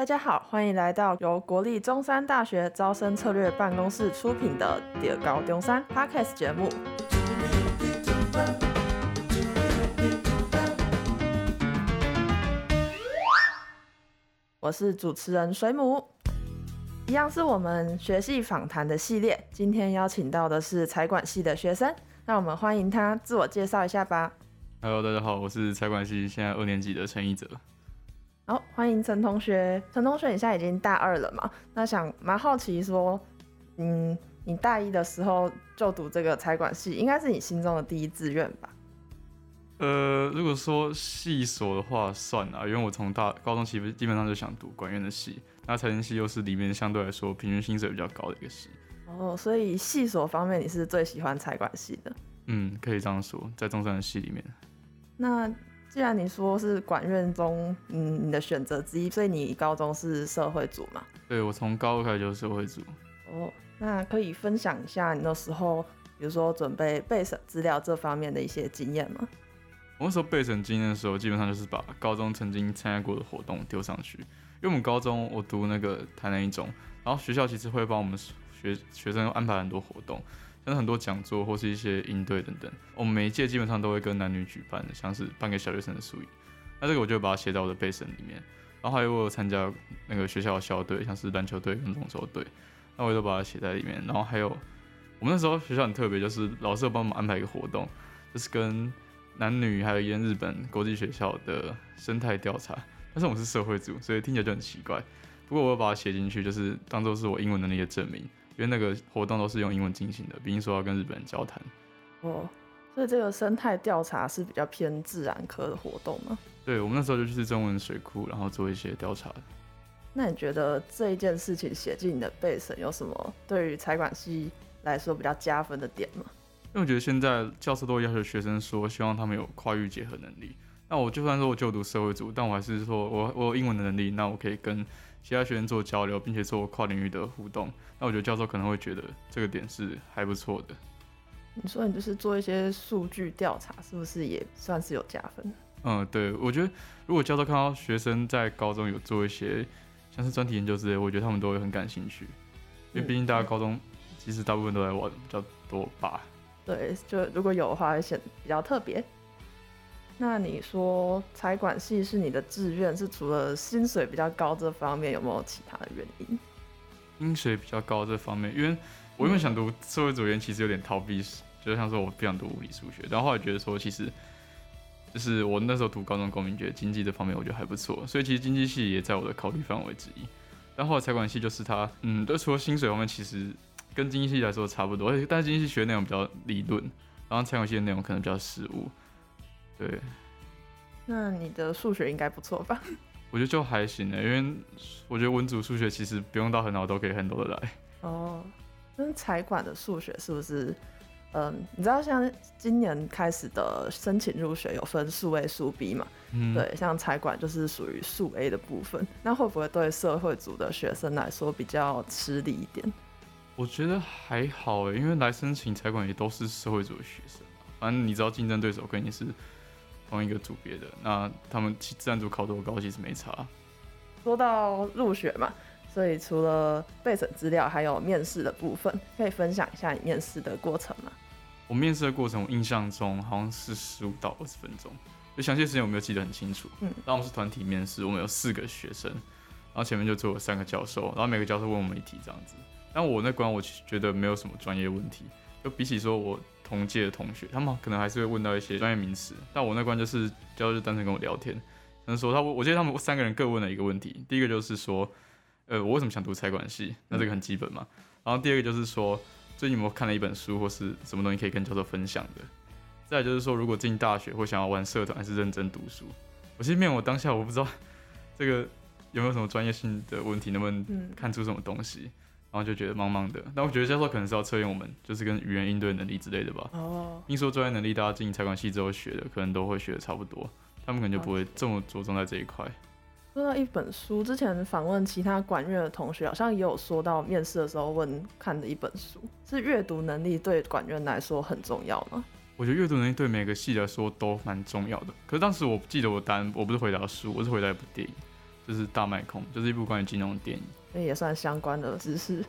大家好，歡迎來到由國立中山大學招生策略辦公室出品的《中猴中山》Podcast 節目。我是主持人水母，一樣是我們學系訪談的系列。今天邀請到的是財管系的學生，讓我們歡迎他自我介紹一下吧。Hello，大家好，我是財管系現在二年級的陳義哲。好、哦，歡迎陳同學。陳同學，你現在已經大二了嘛？那想蠻好奇說，嗯，你大一的時候就讀這個財管系，應該是你心中的第一志願吧？呃，如果說系所的話，算了，因為我從大高中其實基本上就想讀管院的系。那財政系又是裡面相對來說平均薪水比較高的一個系。哦，所以系所方面，你是最喜歡財管系的？嗯，可以這樣說，在中山的系裡面。那。既然你說是管院中，嗯，你的選擇之一，所以你高中是社會組嘛？對，我從高一開始就是社會組。哦，oh, 那可以分享一下你那時候，比如說準備備審資料這方面的一些經驗嗎？我那時候備審經驗的時候，基本上就是把高中曾經參加過的活動丟上去，因為我們高中我讀那個台南一中，然後學校其實會幫我們學學生安排很多活動。像很多講座或是一些營隊等等，我們每一屆基本上都會跟男女舉辦，像是辦給小學生的書，語，那這個我就把它寫在我的備審裡面。然後還有我有參加那個學校的校隊，像是籃球隊跟足球隊，那我也都把它寫在裡面。然後還有我們那時候學校很特別，就是老師會幫我們安排一個活動，就是跟男女還有一間日本國際學校的生態調查。但是我們是社會組，所以聽起來就很奇怪。不過我有把它寫進去，就是當做是我英文的那個證明。因為那個活動都是用英文進行的，畢竟說要跟日本人交談。哦，oh, 所以這個生態調查是比較偏自然科的活動嗎？對，我們那時候就去曾文水庫，然後做一些調查。那你覺得這一件事情寫進你的備審有什麼對於財管系來說比較加分的點嗎？因為我覺得現在教授都要求學，學生說，希望他們有跨域結合能力。那我就算說我就讀社會組，但我還是說我我有英文的能力，那我可以跟。其他學生做交流，並且做跨領域的互動，那我覺得教授可能會覺得這個點是還不錯的。你說你就是做一些數據調查，是不是也算是有加分？嗯，對，我覺得如果教授看到學生在高中有做一些像是專題研究之類，我覺得他們都會很感興趣，因為畢竟大家高中其實、嗯、大部分都在玩比較多吧。對，就如果有的話，會顯得比較特別。那你說財管系是你的志願，是除了薪水比較高這方面，有沒有其他的原因？薪水比較高這方面，因為我原本想讀社會組員，其實有點逃避，嗯、就像說我不想讀物理數學。然後後來覺得說，其實就是我那時候讀高中公民，覺得經濟這方面我覺得還不錯，所以其實經濟系也在我的考慮範圍之一。但後來財管系就是它，嗯，就除了薪水方面，其實跟經濟系來說差不多，而且但是經濟系學的內容比較理論，然後財管系的內容可能比較實務。對，那你的數學應該不錯吧？我覺得就還行呢、欸。因為我覺得文組數學其實不用到很好都可以 handle 得來。哦，那財管的數學是不是？嗯，你知道像今年開始的申請入學有分數 A、數 B 嘛？嗯，對，像財管就是屬於數 A 的部分。那會不會對社會組的學生來說比較吃力一點？我覺得還好誒、欸，因為來申請財管也都是社會組的學生，反正你知道競爭對手肯定是。同一個組別的，那他們自然組考多高其實沒差。說到入學嘛，所以除了備審資料，還有面試的部分，可以分享一下你面試的過程嗎？我面試的過程，我印象中好像是十五到二十分鐘，就詳細時間我沒有記得很清楚。嗯，然後我們是團體面試，我們有四個學生，然後前面就坐了三個教授，然後每個教授問我們一題這樣子。但我那關我其實覺得沒有什麼專業問題，就比起說我。同屆的同學，他們可能還是會問到一些專業名詞，但我那關就是教授就單純跟我聊天，他說他我我記得他們三個人各問了一個問題。第一個就是說，呃，我為什麼想讀財管系？那這個很基本嘛。嗯、然後第二個就是說，最近有沒有看了一本書或是什麼東西可以跟教授分享的？再來就是說，如果進大學或想要玩社團還是認真讀書？我其實面我當下我不知道這個有沒有什麼專業性的問題，能不能看出什麼東西？嗯然後就覺得茫茫的，那我覺得教授可能是要測驗我們，就是跟語言應對能力之類的吧。哦，因為說專業能力大家進財管系之後學的，可能都會學的差不多，他們可能就不會這麼着重在這一塊。說到一本書，之前訪問其他管院的同學，好像也有說到面試的時候問看的一本書，是閱讀能力對管院來說很重要嗎？我覺得閱讀能力對每個系來說都蠻重要的。可是當時我不記得我答，我不是回答書，我是回答一部電影，就是《大賣空》，就是一部關於金融的電影。那也算相關的知識。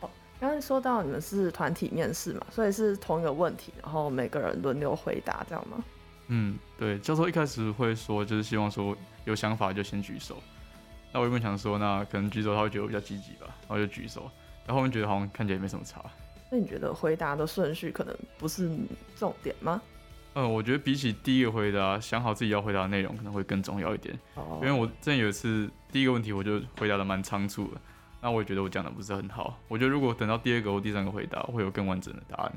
哦，剛才說到你們是團體面試嘛，所以是同一個問題，然後每個人輪流回答，這樣嗎？嗯，對。教授一開始會說，就是希望說有想法就先舉手。那我原本想說，那可能舉手他會覺得我比較積極吧，然後就舉手。但後面覺得好像看起來也沒什麼差。那你覺得回答的順序可能不是重點嗎？嗯，我覺得比起第一個回答，想好自己要回答的內容可能會更重要一點。Oh. 因為我真的有一次第一個問題我就回答的蠻倉促的，那我也覺得我講的不是很好。我覺得如果等到第二個或第三個回答，我會有更完整的答案。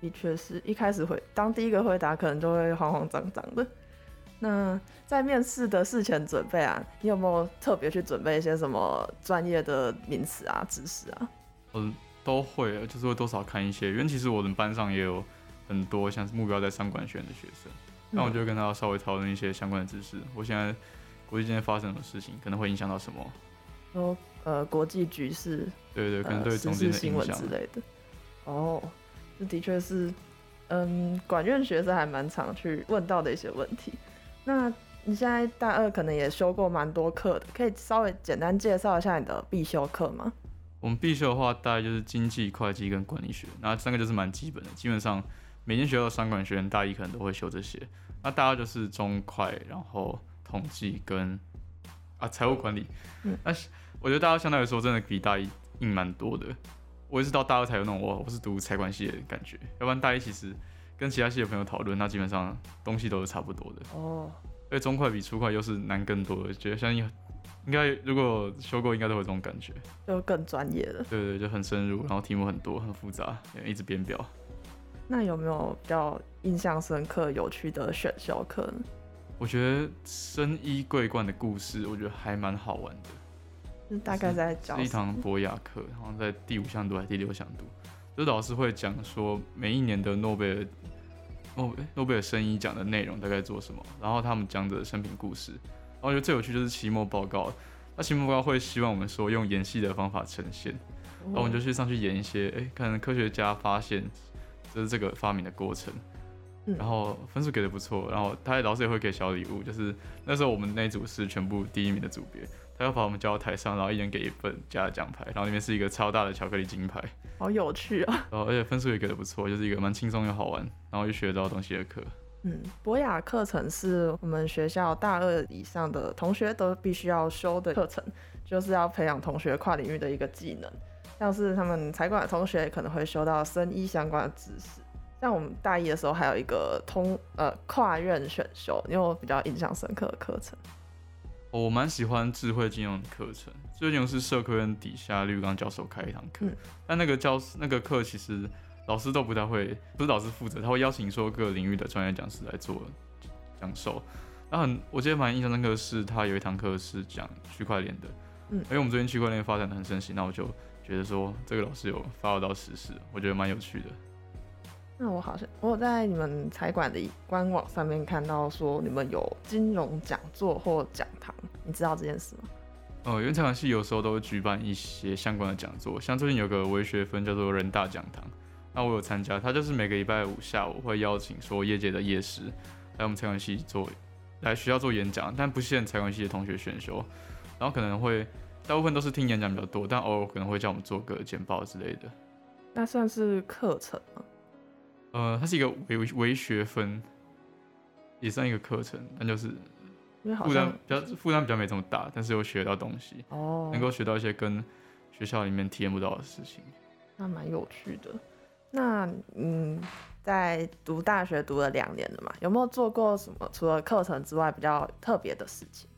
的確是一開始回當第一個回答，可能就會慌慌張張的。那在面試的事前準備啊，你有沒有特別去準備一些什麼專業的名詞啊、知識啊？嗯，都會，就是會多少看一些，因為其實我的班上也有。很多像是目標在商管學院的學生，那我就跟他稍微討論一些相關的知識。嗯、我現在國際間發生什麼事情，可能會影響到什麼？哦，呃，國際局勢。對，對對，可能對時事、呃、新聞之類的。哦，這的確是，嗯，管院學生還蠻常去問到的一些問題。那你現在大二可能也修過蠻多課的，可以稍微簡單介紹一下你的必修課嗎？我們必修的話，大概就是經濟、會計跟管理學，那三個就是蠻基本的，基本上，每年學校的商管學院，大一可能都會修這些，那大二就是中會，然後統計跟啊財務管理。嗯、那我覺得大二相對來說真的比大一硬蠻多的，我一直到大二才有那種哇我不是讀財管系的感覺，要不然大一其實跟其他系的朋友討論，那基本上東西都是差不多的。哦，因為中會比初會又是難更多的，覺得相信應該如果修過應該都會有這種感覺，就更專業了。對,對對，就很深入，然後題目很多很複雜，一直編表。那有沒有比較印象深刻、有趣的選修課呢？我覺得《生醫桂冠》的故事，我覺得還蠻好玩的。就大概在講一堂博雅課，然後在第五項度還是第六項度，就是、老師會講說每一年的諾貝爾，哦，諾貝爾生醫講的內容大概做什麼，然後他們講的生平故事。然後我覺得最有趣就是期末報告，那期末報告會希望我們說用演戲的方法呈現，然後我們就去上去演一些，哎、欸，可能科學家發現。就是這個發明的過程，然後分數給的不錯，然後他老師也會給小禮物。就是那時候我們那組是全部第一名的組別，他要把我們叫到台上，然後一人給一份加獎牌，然後裡面是一個超大的巧克力金牌，好有趣啊！然後而且分數也給的不錯，就是一個蠻輕鬆又好玩，然後又學到東西的課。嗯，博雅課程是我們學校大二以上的同學都必須要修的課程，就是要培養同學跨領域的一個技能。像是他們財管的同學可能會學到生意相關的知識，像我們大一的時候還有一個通呃跨院選修，也我比較印象深刻的課程。我蠻喜歡智慧金融的課程，智慧金融是社科院底下綠剛教授開一堂課，嗯、但那個教那個課其實老師都不太會，不是老師負責，他會邀請說各領域的專業講師來做講授。那很，我記得蠻印象深刻的，是他有一堂課是講區塊鏈的，嗯，因為我們最近區塊鏈發展的很盛行，那我就。覺得說這個老師有發揮到時事，我覺得蠻有趣的。那我好像我有在你們財管的官網上面看到說你們有金融講座或講堂，你知道這件事嗎？哦、呃，因為財管系有時候都會舉辦一些相關的講座，像最近有個微學分叫做人大講堂，那我有參加，他就是每個禮拜五下午會邀請說業界的業師來我們財管系做來學校做演講，但不限財管系的同學選修，然後可能會。大部分都是聽演講比較多，但偶爾可能會叫我們做個簡報之類的。那算是課程嗎？呃，它是一個微，微學分，也算一個課程，但就是負擔比較負擔比較沒這麼大，但是有學到東西哦，能夠學到一些跟學校裡面體驗不到的事情，那蠻有趣的。那嗯，在讀大學讀了兩年了嘛？有沒有做過什麼除了課程之外比較特別的事情？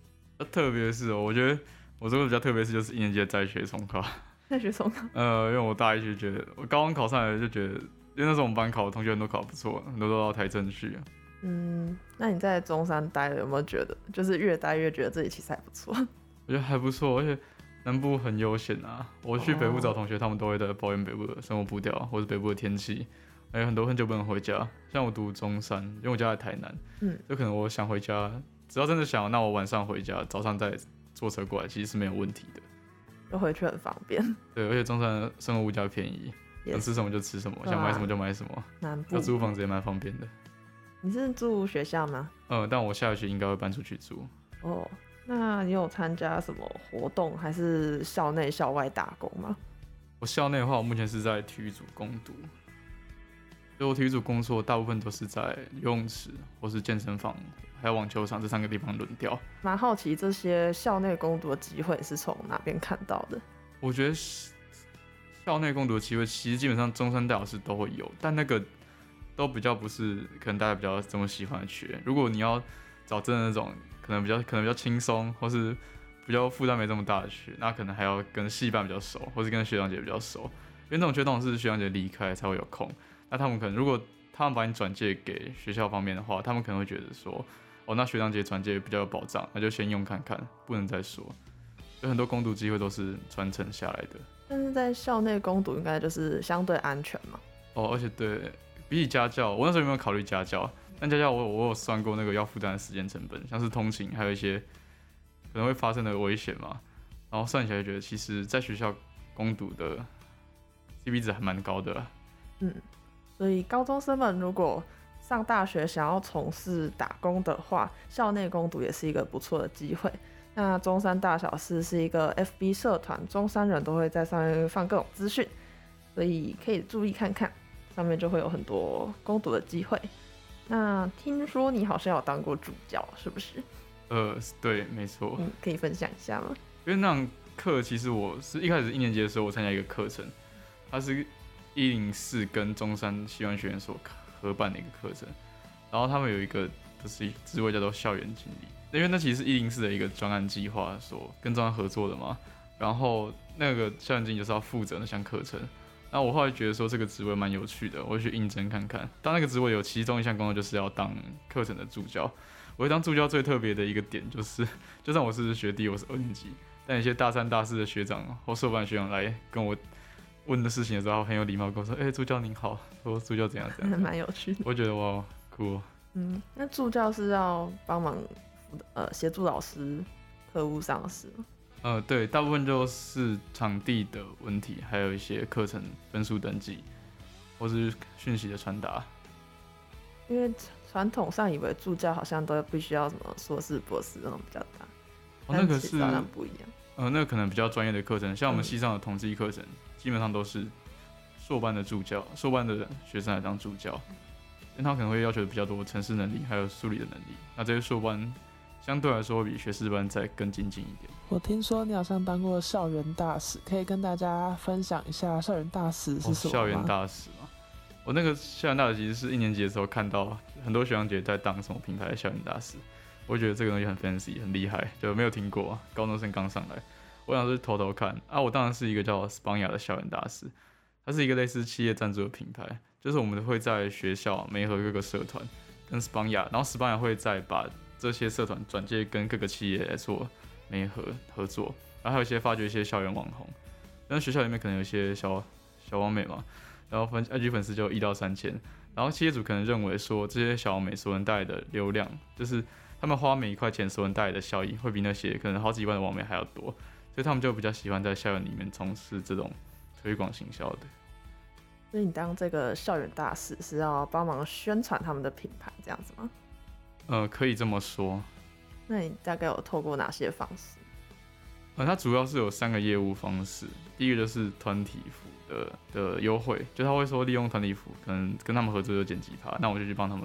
特別是哦、喔，我覺得。我這個比較特別是，就是一年級的在學重考。在學重考？呃，因為我大一就覺得，我高中考上來就覺得，因為那時候我們班考的同學很多考不錯，很多都到台政去。嗯，那你在中山待了，有沒有覺得就是越待越覺得自己其實還不錯？我覺得還不錯，而且南部很悠閒啊。我去北部找同學，Oh. 他們都會在抱怨北部的生活步調，或是北部的天氣，還有很多很久不能回家。像我讀中山，因為我家在台南，嗯，就可能我想回家，只要真的想，那我晚上回家，早上再。坐車過來其實是沒有問題的，又回去很方便。對，而且中山的生活物價便宜，Yes 想吃什麼就吃什麼，啊、想買什麼就買什麼。那租部房子也蠻方便的。你是住學校嗎？嗯，但我下學期應該會搬出去住。哦，oh, 那你有參加什麼活動，還是校內校外打工嗎？我校內的話，我目前是在體育組工讀。所以我體育組工作大部分都是在游泳池，或是健身房，還有網球場這三個地方輪調。蠻好奇這些校內工讀的機會是從哪邊看到的？我覺得校內工讀的機會其實基本上中山大老師都會有，但那個都比較不是可能大家比較這麼喜歡的學。如果你要找真的那種可能比較可能比較輕鬆，或是比較負擔沒這麼大的學，那可能還要跟系辦比較熟，或是跟學長姐比較熟，因為那種缺都是學長姐離開才會有空。那、啊、他們可能，如果他們把你轉介給學校方面的話，他們可能會覺得說，哦，那學長姐轉介比較有保障，那就先用看看，不能再說。有很多工讀機會都是傳承下來的，但是在校內工讀應該就是相對安全嘛。哦，而且對比起家教，我那時候有沒有考慮家教？但家教我我有算過那個要負擔的時間成本，像是通勤，還有一些可能會發生的危險嘛。然後算起來覺得，其實在學校工讀的 C P 值還蠻高的。嗯。所以高中生們如果上大學想要從事打工的話，校內工讀也是一個不錯的機會。那中山大小事是一個 FB 社團，中山人都會在上面放各種資訊，所以可以注意看看，上面就會有很多工讀的機會。那聽說你好像有當過助教，是不是？呃，對，沒錯。嗯，可以分享一下嗎？因為那種課其實我是一開始一年級的時候，我參加一個課程，它是。一零四跟中山西灣學院所合辦的一個課程，然後他們有一個就是職位叫做校園經理，因為那其實是一零四的一個專案計劃所跟專案合作的嘛，然後那個校園經理就是要負責那項課程，那我後來覺得說這個職位蠻有趣的，我去應徵看看。當那個職位有其中一項工作就是要當課程的助教，我會當助教最特別的一個點就是，就算我是學弟，我是二年級，但一些大三、大四的學長或社辦學長來跟我。問的事情的時候，很有禮貌跟我說：“哎、欸，助教您好。”我說：“助教怎樣,怎樣,怎樣？”這樣還蠻有趣的。我覺得哇，酷、喔、嗯，那助教是要幫忙輔呃協助老師課務上的事。嗎？呃，對，大部分就是場地的問題，還有一些課程分數登記，或是訊息的傳達。因為傳統上以為助教好像都必須要什麼碩士、博士那種比較大，哦、那個是當然不一樣。呃，那個、可能比較專業的課程，像我們系上的統計課程。嗯基本上都是碩班的助教，碩班的學生來當助教，因為他可能會要求比較多的程式能力，還有數理的能力。那這些碩班相對來說比學士班再更精進一點。我聽說你好像當過校園大使，可以跟大家分享一下校園大使是什麼？哦，校園大使嗎？我那個校園大使其實是一年級的時候看到很多學長姐在當什麼平台的校園大使，我覺得這個東西很 fancy，很厲害，就沒有聽過啊，高中生剛上來。我想是偷偷看啊。我當然是一個叫斯邦雅的校園大使，它是一個類似企業贊助的品牌，就是我們會在學校媒合各個社團跟斯邦雅，然後斯邦雅會再把這些社團轉介跟各個企業來做媒合合作，然後還有一些發掘一些校園網紅，那學校裡面可能有些小小網美嘛，然後粉 IG 粉絲就一到三千，然後企業主可能認為說，這些小網美所能帶來的流量，就是他們花每一塊錢所能帶來的效益會比那些可能好幾萬的網美還要多。所以他們就比較喜歡在校園裡面從事這種推廣行銷的。所以你當這個校園大使是要幫忙宣傳他們的品牌這樣子嗎？呃，可以這麼說。那你大概有透過哪些方式？呃，它主要是有三個業務方式。第一個就是團體服的的優惠，就他會說利用團體服，可能跟他們合作就減幾趴，那我就去幫他們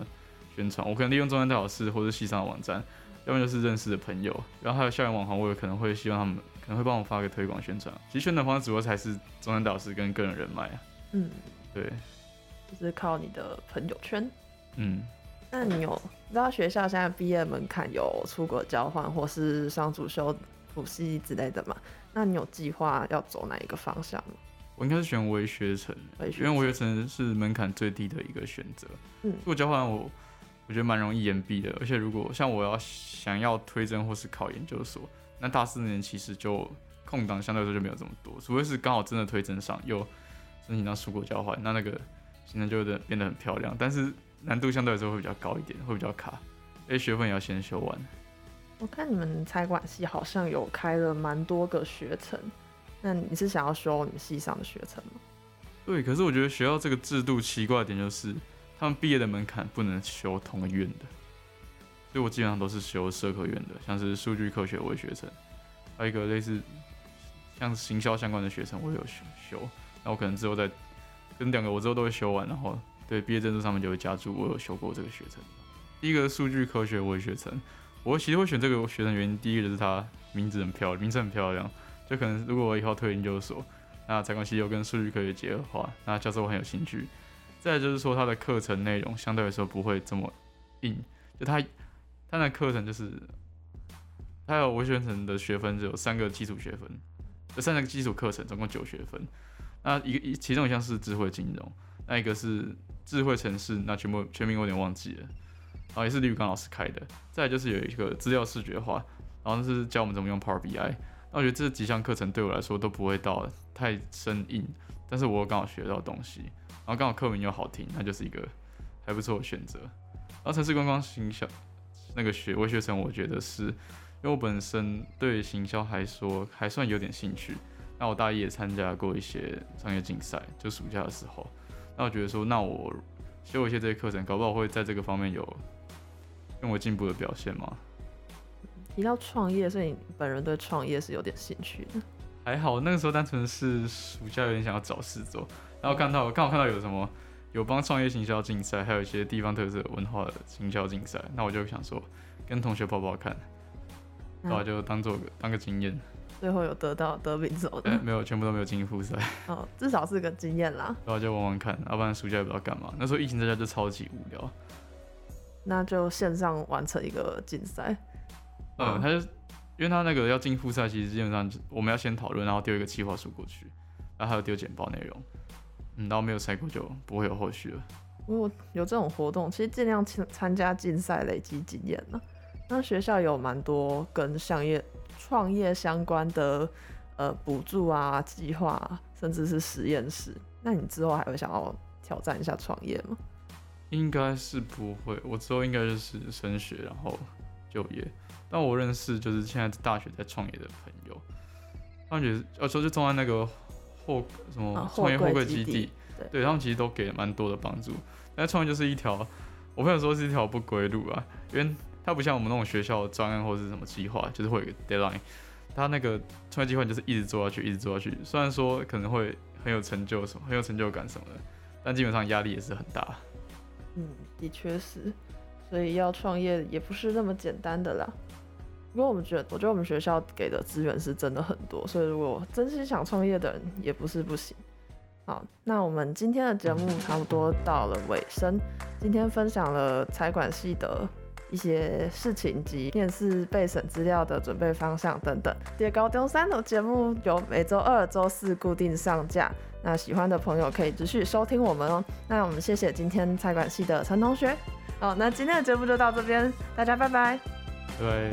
宣傳。我可能利用中央大小事或是系上的網站，要麼就是認識的朋友，然後還有校園網紅，我也可能會希望他們。能會幫我發個推廣宣傳，其實宣傳方式主要才是，是中南導師跟個人人脈啊。嗯，對，就是靠你的朋友圈。嗯，那你有你知道學校現在畢業門檻有出國交換或是雙主修輔系之類的嗎？那你有計劃要走哪一個方向嗎？我應該是選微學程，學因為微學程是門檻最低的一個選擇。嗯，出國交換我我覺得蠻容易延畢的，而且如果像我要想要推甄或是考研究所。那大四年其實就空檔相對來說就沒有這麼多，除非是剛好真的推甄上，又申請到出國交換，那那個現在就變得變得很漂亮，但是難度相對來說會比較高一點，會比較卡，所以學分也要先修完。我看你們財管系好像有開了蠻多個學程，那你是想要修你們系上的學程嗎？對，可是我覺得學校這個制度奇怪一點就是，他們畢業的門檻不能修同院的。所以我基本上都是修社科院的，像是數據科學微學程，還有一個類似像是行銷相關的學程，我有修修。那我可能之後再跟兩個，我之後都會修完。然後對畢業證書上面就會加注我有修過這個學程。第一個數據科學微學程，我其實會選這個學程原因，第一個就是它名字很漂亮，名字很漂亮。就可能如果我以後推研究所，那財管系又跟數據科學結合的話，那教授我很有興趣。再來就是說它的課程內容相對來說不會這麼硬，就它。它的課程就是，他有微學程的學分只有三個基礎學分，這三個基礎課程，總共九學分。那一個一其中一項是智慧金融，那一個是智慧城市，那全部全名我有點忘記了。然後也是李玉剛老師開的。再來就是有一個資料視覺化，然後就是教我們怎麼用 Power BI。那我覺得這幾項課程對我來說都不會到太生硬，但是我剛好學到東西，然後剛好課名又好聽，那就是一個還不錯的選擇。然後城市觀光形象。那個學微學程，我覺得是，因為我本身對行銷還說還算有點興趣。那我大一也參加過一些商業競賽，就暑假的時候。那我覺得說，那我修一些這些課程，搞不好會在這個方面有更為進步的表現嗎？提到創業，所以你本人對創業是有點興趣的。還好，那個時候單純是暑假有點想要找事做，然後看到剛好看到有什麼。有幫創業行銷競賽，還有一些地方特色文化的行銷競賽。那我就想說，跟同學跑跑看，然後就當做、嗯、當個經驗。最後有得到得名什麼的、欸？沒有，全部都沒有進複賽。哦，至少是個經驗啦，然後就玩玩看，要、啊、不然暑假也不知道幹嘛。那時候疫情在家就超級無聊，那就線上完成一個競賽。嗯，嗯他就因為他那個要進複賽，其實基本上我們要先討論，然後丟一個企劃書過去，然後還有丟簡報內容。嗯、然後沒有賽過就不會有後續了。如果有這種活動，其實盡量參參加競賽，累積經驗了、啊。那學校有蠻多跟商業、創業相關的呃補助啊、計劃、啊，甚至是實驗室。那你之後還會想要挑戰一下創業嗎？應該是不會，我之後應該就是升學，然後就業。但我認識就是現在大學在創業的朋友，他們覺得，而、哦、且就那個。或什麼創業獲客基、啊、基地，對，對，他們其實都給了蠻多的幫助。那創業就是一條，我朋友說是一條不歸路啊，因為它不像我們那種學校的專案或者是什麼計劃，就是會有個 deadline。他那個創業計劃就是一直做下去，一直做下去。雖然說可能會很有成就什麼，很有成就感什麼的，但基本上壓力也是很大。嗯，的確是，所以要創業也不是那麼簡單的啦。不過我們覺得，我覺得我們學校給的資源是真的很多，所以如果真心想創業的人也不是不行。好，那我們今天的節目差不多到了尾聲，今天分享了財管系的一些事情及面試備審資料的準備方向等等。跌高東三的節目由每周二、周四固定上架，那喜歡的朋友可以繼續收聽我們哦。那我們謝謝今天財管系的陳同學。好，那今天的節目就到這邊，大家拜拜。對。